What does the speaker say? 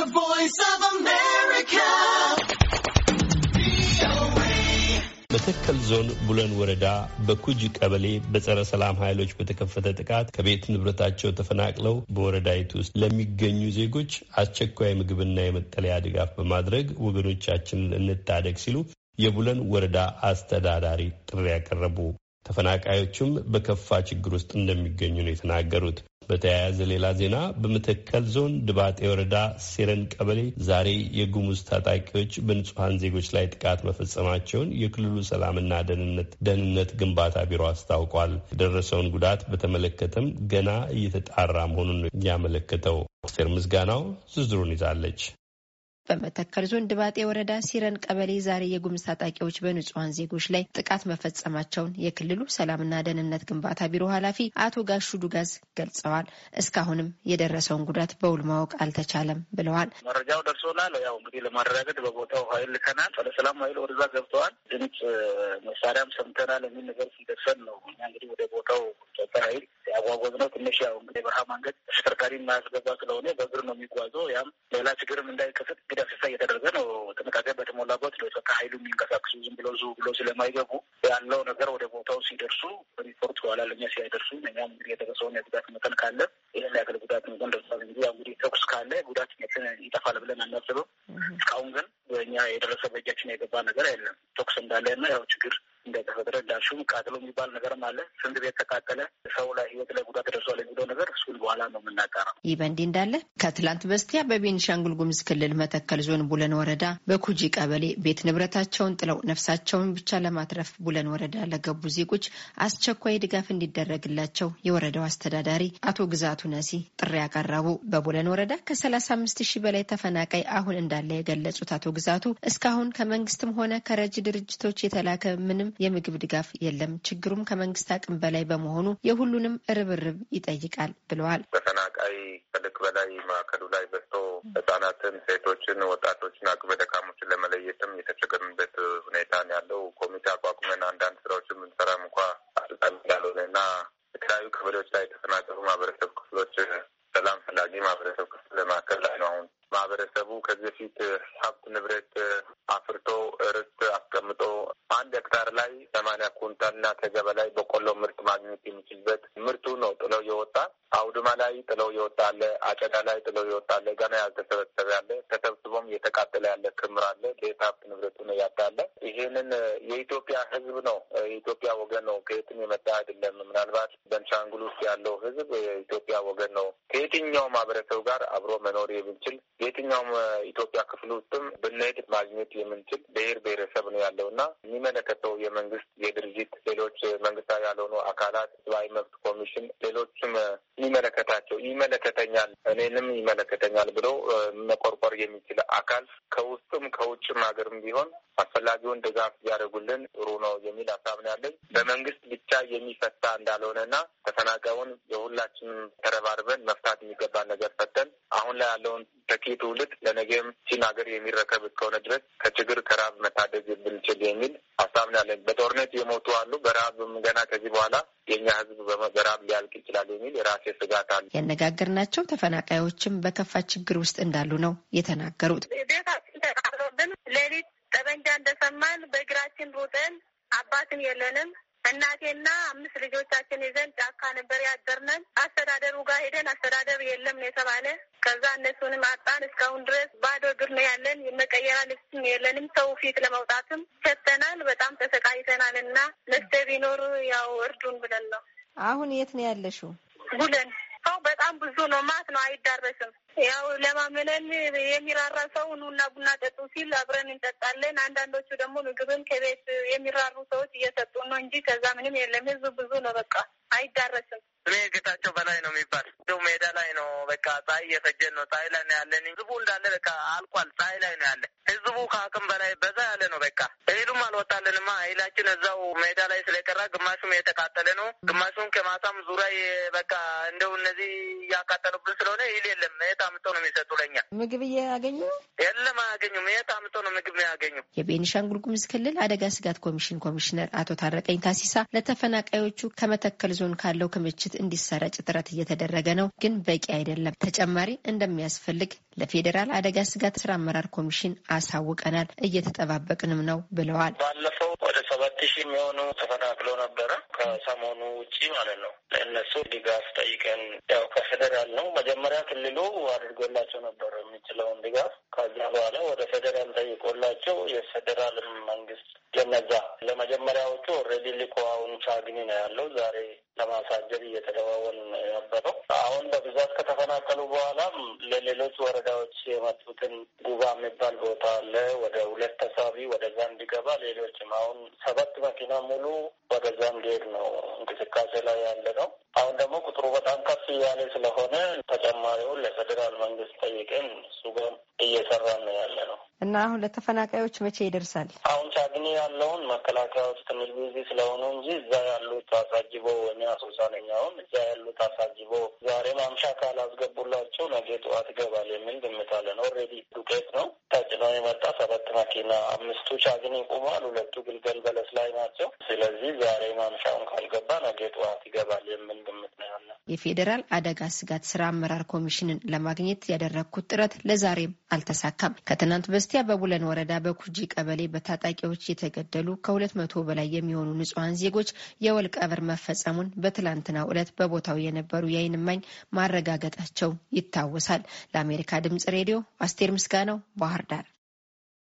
The Voice of America. በተከል ዞን ቡለን ወረዳ በኩጅ ቀበሌ በጸረ ሰላም ኃይሎች በተከፈተ ጥቃት ከቤት ንብረታቸው ተፈናቅለው በወረዳይቱ ውስጥ ለሚገኙ ዜጎች አስቸኳይ ምግብና የመጠለያ ድጋፍ በማድረግ ወገኖቻችንን እንታደግ ሲሉ የቡለን ወረዳ አስተዳዳሪ ጥሪ ያቀረቡ ተፈናቃዮቹም በከፋ ችግር ውስጥ እንደሚገኙ ነው የተናገሩት። በተያያዘ ሌላ ዜና በመተከል ዞን ድባጤ ወረዳ ሴረን ቀበሌ ዛሬ የጉሙዝ ታጣቂዎች በንጹሐን ዜጎች ላይ ጥቃት መፈጸማቸውን የክልሉ ሰላምና ደህንነት ግንባታ ቢሮ አስታውቋል። የደረሰውን ጉዳት በተመለከተም ገና እየተጣራ መሆኑን ያመለከተው አስቴር ምስጋናው ዝርዝሩን ይዛለች። በመተከል ዞን ድባጤ ወረዳ ሲረን ቀበሌ ዛሬ የጉምዝ ታጣቂዎች በንጹሐን ዜጎች ላይ ጥቃት መፈጸማቸውን የክልሉ ሰላምና ደህንነት ግንባታ ቢሮ ኃላፊ አቶ ጋሹ ዱጋዝ ገልጸዋል። እስካሁንም የደረሰውን ጉዳት በውል ማወቅ አልተቻለም ብለዋል። መረጃው ደርሶናል። ያው እንግዲህ ለማረጋገጥ በቦታው ኃይል ልከናል። ወደ ሰላም ኃይል ወደዛ ገብተዋል። ድምፅ መሳሪያም ሰምተናል የሚል ነገር ሲደርሰን ነው እኛ እንግዲህ ወደ ቦታው ጸጥታ ኃይል ያጓጓዝ ነው። ትንሽ ያው እንግዲህ በረሃ መንገድ ተሽከርካሪ የማያስገባ ስለሆነ በእግር ነው የሚጓዘው። ያም ሌላ ችግርም እንዳይከሰት ዳሰሳ እየተደረገ ነው። ጥንቃቄ በተሞላበት ለጸጥታ ኃይሉ የሚንቀሳቀሱ ዝም ብሎ ዙ ብሎ ስለማይገቡ ያለው ነገር ወደ ቦታው ሲደርሱ ሪፖርት በኋላ ለእኛ ሲያደርሱ እኛም እንግዲህ የደረሰውን የጉዳት መጠን ካለ ይህን ያክል ጉዳት መጠን ደርሷል። እንግዲህ ያው እንግዲህ ተኩስ ካለ ጉዳት መጠን ይጠፋል ብለን አናስብም። እስካሁን ግን በእኛ የደረሰ በእጃችን የገባ ነገር የለም። ተኩስ እንዳለ እና ያው ችግር ተፈጥረ ዳሹም ቃጥሎ የሚባል ነገርም አለ። ስንት ቤት ተቃጠለ፣ ሰው ላይ ህይወት ላይ ጉዳት ደርሷል የሚለው ነገር እሱን በኋላ ነው የምናቀረው። ይህ በእንዲህ እንዳለ ከትላንት በስቲያ በቤንሻንጉል ጉምዝ ክልል መተከል ዞን ቡለን ወረዳ በኩጂ ቀበሌ ቤት ንብረታቸውን ጥለው ነፍሳቸውን ብቻ ለማትረፍ ቡለን ወረዳ ለገቡ ዜጎች አስቸኳይ ድጋፍ እንዲደረግላቸው የወረዳው አስተዳዳሪ አቶ ግዛቱ ነሲ ጥሪ ያቀረቡ። በቡለን ወረዳ ከ35 ሺህ በላይ ተፈናቃይ አሁን እንዳለ የገለጹት አቶ ግዛቱ እስካሁን ከመንግስትም ሆነ ከረጅ ድርጅቶች የተላከ ምንም የምግብ የምግብ ድጋፍ የለም። ችግሩም ከመንግስት አቅም በላይ በመሆኑ የሁሉንም ርብርብ ይጠይቃል ብለዋል። ተፈናቃይ ከልክ በላይ ማዕከሉ ላይ በዝቶ ህጻናትን፣ ሴቶችን፣ ወጣቶችን፣ አቅመ ደካሞችን ለመለየትም የተቸገርንበት ሁኔታ ያለው። ኮሚቴ አቋቁመን አንዳንድ ስራዎችን ብንሰራም እንኳ አስልጣሚ እንዳልሆነ እና የተለያዩ ቀበሌዎች ላይ የተፈናቀሉ ማህበረሰብ ክፍሎች ሰላም ፈላጊ ማህበረሰብ ክፍል ለማከል ላይ ነው አሁን ማህበረሰቡ ከዚህ በፊት ሀብት ንብረት አፍርቶ ርስ በአንድ ሄክታር ላይ ሰማንያ ኩንታልና ከዚያ በላይ በቆሎ ምርት ማግኘት የሚችልበት ምርቱ ነው ጥለው የወጣ አውድማ ላይ ጥለው የወጣ አለ። አጨዳ ላይ ጥለው የወጣ አለ። ገና ያልተሰበሰበ ያለ፣ ተሰብስቦም እየተቃጠለ ያለ ክምር አለ። ቤት ንብረቱ ነው ያጣለ። ይህንን የኢትዮጵያ ሕዝብ ነው የኢትዮጵያ ወገን ነው ከየትም የመጣ አይደለም። ምናልባት በንሻንጉል ውስጥ ያለው ሕዝብ የኢትዮጵያ ወገን ነው። ከየትኛው ማህበረሰብ ጋር አብሮ መኖር የምንችል የትኛውም ኢትዮጵያ ክፍል ውስጥም ብንሄድ ማግኘት የምንችል ብሔር ብሔረሰብ ነው ያለው እና የሚመለከተው የመንግስት የድርጅት፣ ሌሎች መንግስታዊ ያልሆኑ አካላት፣ ሰብአዊ መብት ኮሚሽን፣ ሌሎችም የሚመለከታቸው ይመለከተኛል፣ እኔንም ይመለከተኛል ብሎ መቆርቆር የሚችል አካል ከውስጥም ከውጭም ሀገርም ቢሆን አስፈላጊውን ድጋፍ ያደርጉልን ጥሩ ነው የሚል ሀሳብ ነው ያለኝ። በመንግስት ብቻ የሚፈታ እንዳልሆነና ተፈናቃዩን የሁላችንም ተረባርበን መፍታት መፈታት የሚገባን ነገር ፈተን አሁን ላይ ያለውን ተኪ ትውልድ ለነገም ቺን ሀገር የሚረከብ እስከሆነ ድረስ ከችግር ከራብ መታደግ ብንችል የሚል ሀሳብ ነው ያለን። በጦርነት የሞቱ አሉ። በረሀብም ገና ከዚህ በኋላ የእኛ ህዝብ በረሀብ ሊያልቅ ይችላል የሚል የራሴ ስጋት አለ። ያነጋገርናቸው ተፈናቃዮችም በከፋ ችግር ውስጥ እንዳሉ ነው የተናገሩት። ቤታችን ተቃጥሎብን ሌሊት ጠመንጃ እንደሰማን በእግራችን ሩጠን አባትም የለንም እናቴና አምስት ልጆቻችን ይዘን ጫካ ነበር ያደርነን። አስተዳደሩ ጋር ሄደን አስተዳደር የለም ነው የተባለ። ከዛ እነሱንም አጣን። እስካሁን ድረስ ባዶ እግር ነው ያለን። መቀየራ ልብስም የለንም። ሰው ፊት ለመውጣትም ሸተናል። በጣም ተሰቃይተናል። እና መስተ ቢኖር ያው እርዱን ብለን ነው። አሁን የት ነው ያለሽው? ቡለን ሰው በጣም ብዙ ነው። ማት ነው አይዳረስም ያው ለማመለል የሚራራ ሰው ኑና ቡና ጠጡ ሲል አብረን እንጠጣለን። አንዳንዶቹ ደግሞ ምግብን ከቤት የሚራሩ ሰዎች እየሰጡ ነው እንጂ ከዛ ምንም የለም። ህዝብ ብዙ ነው፣ በቃ አይዳረስም። ስሜ ጌታቸው በላይ ነው የሚባል እንደው ሜዳ ላይ ነው በቃ ፀሐይ እየፈጀን ነው። ፀሐይ ላይ ነው ያለን። ህዝቡ እንዳለ በቃ አልቋል። ፀሐይ ላይ ነው ያለን። ህዝቡ ከአቅም በላይ በዛ አልወጣልንማ። ኃይላችን እዛው ሜዳ ላይ ስለቀራ ግማሹም የተቃጠለ ነው፣ ግማሹም ከማሳም ዙሪያ በቃ እንደው እነዚህ እያቃጠሉብን ስለሆነ ይል የለም የት አምጦ ነው የሚሰጡ ለኛ ምግብ እያገኙ የለም አያገኙም። የት አምጦ ነው ምግብ ያገኙ። የቤኒሻንጉል ጉሙዝ ክልል አደጋ ስጋት ኮሚሽን ኮሚሽነር አቶ ታረቀኝ ታሲሳ ለተፈናቃዮቹ ከመተከል ዞን ካለው ክምችት እንዲሰረጭ ጥረት እየተደረገ ነው፣ ግን በቂ አይደለም፣ ተጨማሪ እንደሚያስፈልግ ለፌዴራል አደጋ ስጋት ስራ አመራር ኮሚሽን አሳውቀናል፣ እየተጠባበቅንም ነው ብለዋል። ባለፈው ወደ ሰባት ሺህ የሚሆኑ ተፈናቅለው ነበረ ከሰሞኑ ውጪ ማለት ነው። ለእነሱ ድጋፍ ጠይቀን ያው ከፌደራል ነው መጀመሪያ ክልሉ አድርጎላቸው ነበረ የሚችለውን ድጋፍ። ከዛ በኋላ ወደ ፌዴራል ጠይቆላቸው የፌዴራል መንግስት ለነዛ ለመጀመሪያዎቹ ኦልሬዲ ልኮ አሁን ቻግኒ ነው ያለው ዛሬ ለማሳደር እየተደዋወን የነበረው አሁን በብዛት ከተፈናቀሉ በኋላም ለሌሎች ወረዳዎች የመጡትን ጉባ የሚባል ቦታ አለ ወደ ሁለት ተሳቢ ወደዛ እንዲገባ ሌሎችም አሁን ሰባት መኪና ሙሉ ወደዛ እንዲሄድ ነው እንቅስቃሴ ላይ ያለ ነው። አሁን ደግሞ ቁጥሩ በጣም ከፍ እያለ ስለሆነ ተጨማሪውን ለፌዴራል መንግስት ጠይቅን እሱ ጋር እየሰራን ነው ያለ ነው እና አሁን ለተፈናቃዮች መቼ ይደርሳል? አሁን ቻግኒ ያለውን መከላከያዎች ትንሽ ቢዚ ስለሆኑ እንጂ እዛ ያሉት አሳጅበው ወይም አሶሳ ነኝ። አሁን እዛ ያሉት አሳጅቦ ዛሬ ማምሻ ካላስገቡላቸው ነገ ጠዋት ይገባል የሚል ግምት አለን። ኦልሬዲ ዱቄት ነው ነው የመጣ። ሰባት መኪና አምስቱ ቻግኒ ቁሟል፣ ሁለቱ ግልገል በለስ ላይ ናቸው። ስለዚህ ዛሬ ማምሻውን ካልገባ ነገ ጠዋት ይገባል የምን ግምት ነው ያለ። የፌዴራል አደጋ ስጋት ስራ አመራር ኮሚሽንን ለማግኘት ያደረግኩት ጥረት ለዛሬም አልተሳካም። ከትናንት በስቲያ በቡለን ወረዳ በኩጂ ቀበሌ በታጣቂዎች የተገደሉ ከሁለት መቶ በላይ የሚሆኑ ንጹሐን ዜጎች የወል ቀብር መፈጸሙን በትላንትናው ዕለት በቦታው የነበሩ የአይንማኝ እማኝ ማረጋገጣቸው ይታወሳል። ለአሜሪካ ድምጽ ሬዲዮ አስቴር ምስጋናው ባህር ዳር